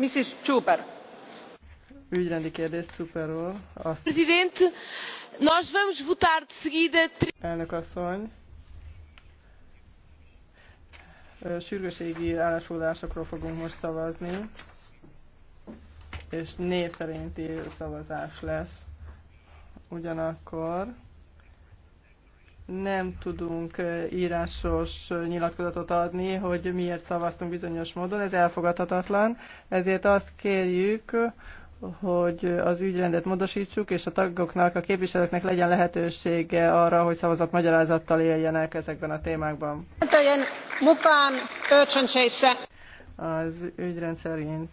Mrs. nós vamos votar de seguida... Elnök asszony. sürgősségi állásfoglalásokról fogunk most szavazni, és név szerinti szavazás lesz. Ugyanakkor nem tudunk írásos nyilatkozatot adni, hogy miért szavaztunk bizonyos módon, ez elfogadhatatlan, ezért azt kérjük, hogy az ügyrendet módosítsuk, és a tagoknak, a képviselőknek legyen lehetősége arra, hogy szavazat magyarázattal éljenek ezekben a témákban. Hát az ügyrend szerint.